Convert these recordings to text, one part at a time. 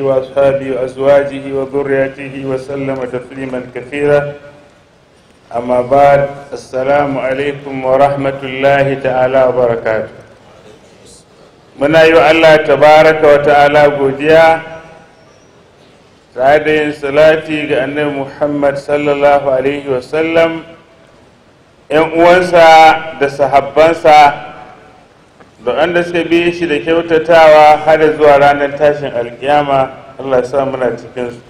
وأصحابه وأزواجه وذريته وسلم تسليما كثيرا أما بعد السلام عليكم ورحمة الله تعالى وبركاته muna yi wa Allah tabaraka wa ta'ala godiya tare da yin salati ga annabi Muhammad sallallahu alaihi wasallam ‘yan uwansa da sahabbansa da wanda suka bi shi da kyautatawa har zuwa ranar tashin alkiyama Allah sa muna cikin su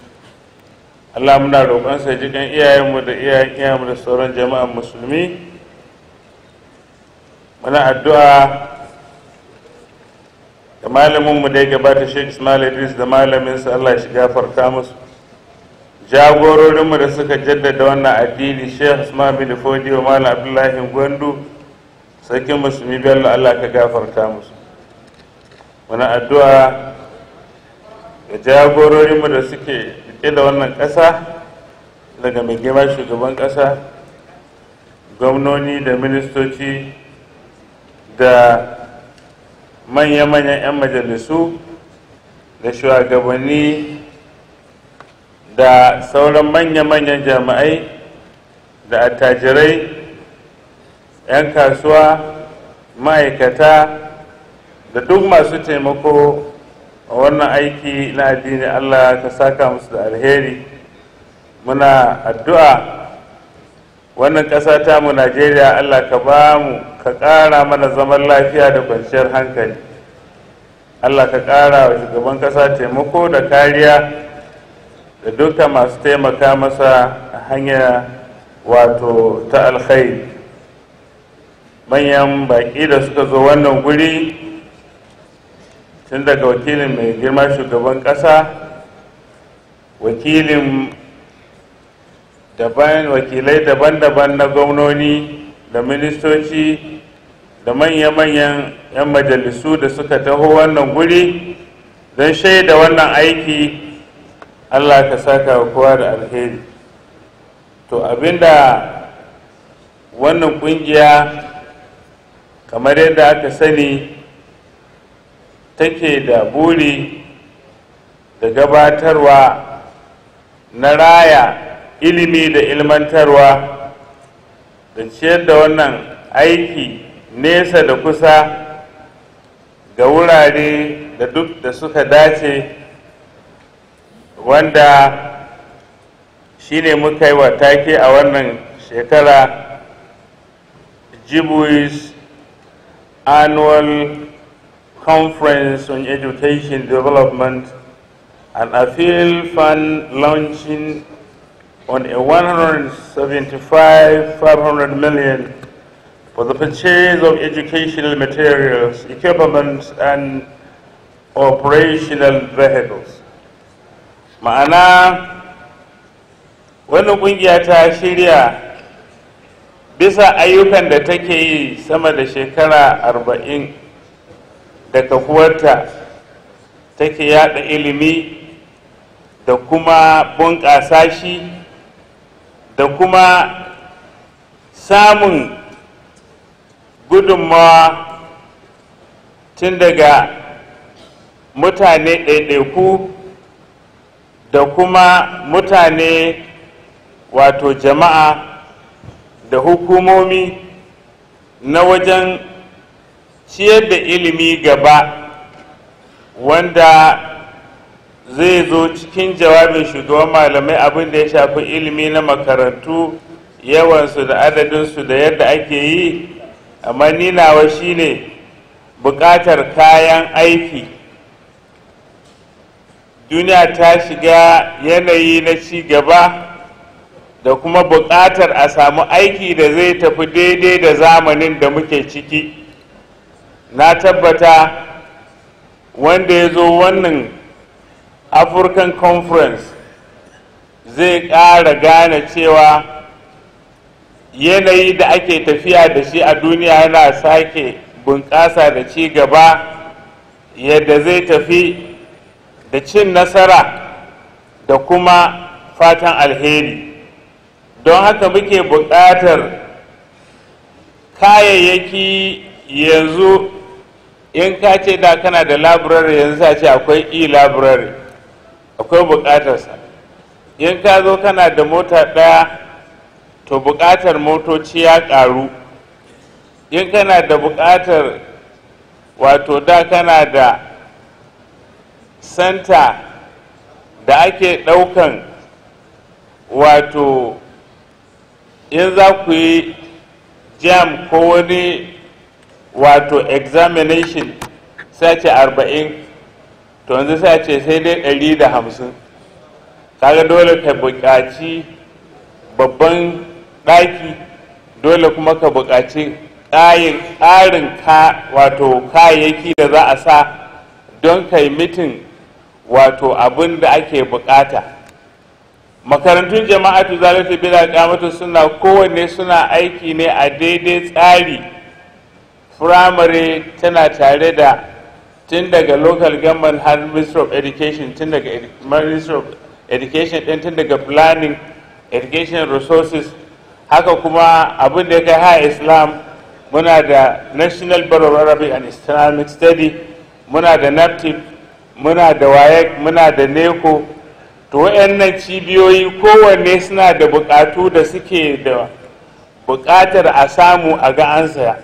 Allah muna sa jikan iyayenmu da iyayen iyayenmu da sauran jama'an musulmi muna addu'a da malaminmu da ya gabata Sheikh Ismail Idris da sa Allah shi gafarta musu jagororinmu da suka jaddada wannan addini Sheikh Usman bin wa Malam Abdullahi Gwandu sarkin musulmi bello allah ka gafarta musu wani addu'a ga jagororinmu da suke rike da wannan ƙasa daga mai girma shugaban ƙasa gwamnoni da ministoci da manya-manyan 'yan majalisu da shugabanni da sauran manya-manyan jami'ai da attajirai 'yan kasuwa ma'aikata da duk masu taimako a wannan aiki na addini allah ka saka musu da alheri muna addu'a wannan ƙasa ta mu najeriya allah ka ba mu ka ƙara mana zaman lafiya da kwanciyar hankali allah ka ƙara wa shugaban ƙasa taimako da kariya da duka masu taimaka masa a hanya wato ta alkhairi manyan baƙi da suka zo wannan guri tun daga wakilin mai girma shugaban ƙasa wakilin daban wakilai daban-daban na gwamnoni da ministoci da manya-manyan 'yan majalisu da suka taho wannan guri don shaida wannan aiki allah ka saka kowa da alheri to abinda wannan kungiya kamar yadda aka sani take da buri da gabatarwa na raya ilimi da ilmantarwa da ciyar da wannan aiki nesa da kusa ga wurare da duk da suka dace wanda shi ne muka yi wa take a wannan shekara jibuis annual conference on education development and a field fund launching on a 175 500 million for the purchase of educational materials, equipment, and operational vehicles. Ma'ana, wannan ƙungiya ta shirya bisa ayyukan da take yi sama da shekara arba'in da kafuwarta take yada ilimi da kuma bunƙasa shi da kuma samun gudunmawa tun daga mutane ɗaiɗaiku da kuma mutane wato jama'a da hukumomi na wajen ciyar da ilimi gaba wanda zai zo cikin jawabin shugaban malamai abin da ya shafi ilimi na makarantu yawansu da adadinsu da yadda ake yi amma ninawa shine buƙatar kayan aiki duniya ta shiga yanayi na ci gaba da kuma buƙatar a samu aiki da zai tafi daidai da zamanin da muke ciki na tabbata wanda ya zo wannan african conference zai ƙara gane cewa yanayi da ake tafiya da shi a duniya yana sake bunƙasa da ci gaba yadda zai tafi da cin nasara da kuma fatan alheri don haka muke buƙatar kayayyaki yanzu in ka ce da kana da labirari yanzu a ce akwai e labirari akwai buƙatarsa in ka zo kana da mota ɗaya to buƙatar motoci ya ƙaru in kana da buƙatar wato da kana da santa da ake ɗaukan wato in za ku yi jam ko wani wato examination sai ce arba'in to yanzu sai ce sai dai ɗari da hamsin kaga dole ka buƙaci babban ɗaki dole kuma ka buƙaci ƙayin ƙarin ka wato kayayyaki da za a sa don kai mitin wato abin da ake buƙata makarantun jama'atu zalata bila kamata suna kowanne suna aiki ne a daidai tsari firamare tana tare da tun daga local government har ministry of education tun daga ministry of education din tun daga planning education resources haka kuma abin da ya kai ha islam muna da national bureau of arabic and islamic study muna da naptip muna da wayek muna da neco to wayannan cibiyoyi kowanne suna da bukatu da suke da bukatar a samu a ga an saya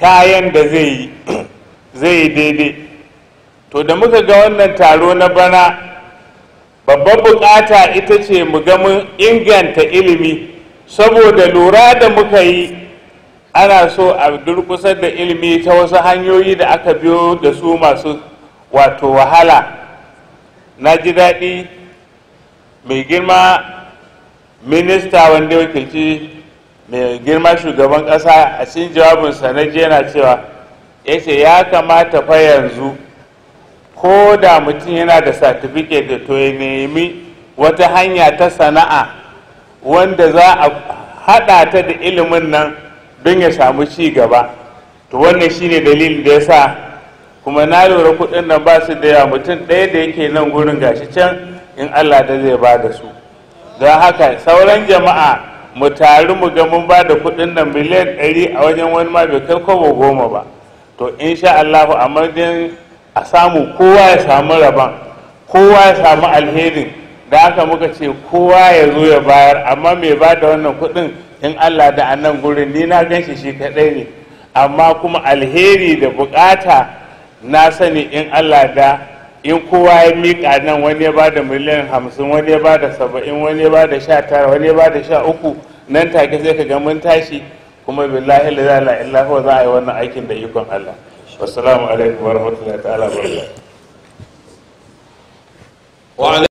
kayan da zai yi zai yi daidai to da muka ga wannan taro na bana babbar bukata ita ce mu ga mun inganta ilimi saboda lura da muka yi ana so a durkusar da ilimi ta wasu hanyoyi da aka biyo da su masu wato wahala na ji daɗi mai girma minista wanda wakilci mai girma shugaban kasa a cikin jawabinsa na yana cewa ya ce ya kamata fa yanzu ko da mutum yana da certificate to ya nemi wata hanya ta sana'a wanda za a haɗa ta da ilimin nan don ya samu ci gaba to wannan shine dalilin da ya sa kuma na lura kuɗin nan ba su da yawa mutum ɗaya da yake nan gurin gashi can in Allah da zai ba da su don haka sauran jama'a mu taru mu ga mun ba da kuɗin nan miliyan ɗari a wajen wani ma bai kai kobo goma ba to in sha Allah a madadin a samu kowa ya samu rabon kowa ya samu alherin da haka muka ce kowa ya zo ya bayar amma mai ba da wannan kuɗin in Allah da a nan gurin ni na gan shi shi kaɗai ne amma kuma alheri da bukata na sani in Allah da in kowa ya miƙa nan wani ya ba da miliyan hamsin wani ya ba da saba'in wani ya ba da sha tara wani ya ba da sha uku nan take sai ka ga mun tashi kuma billahi la ilaha illa huwa za a yi wannan aikin da ikon Allah wassalamu alaikum warahmatullahi ta'ala wa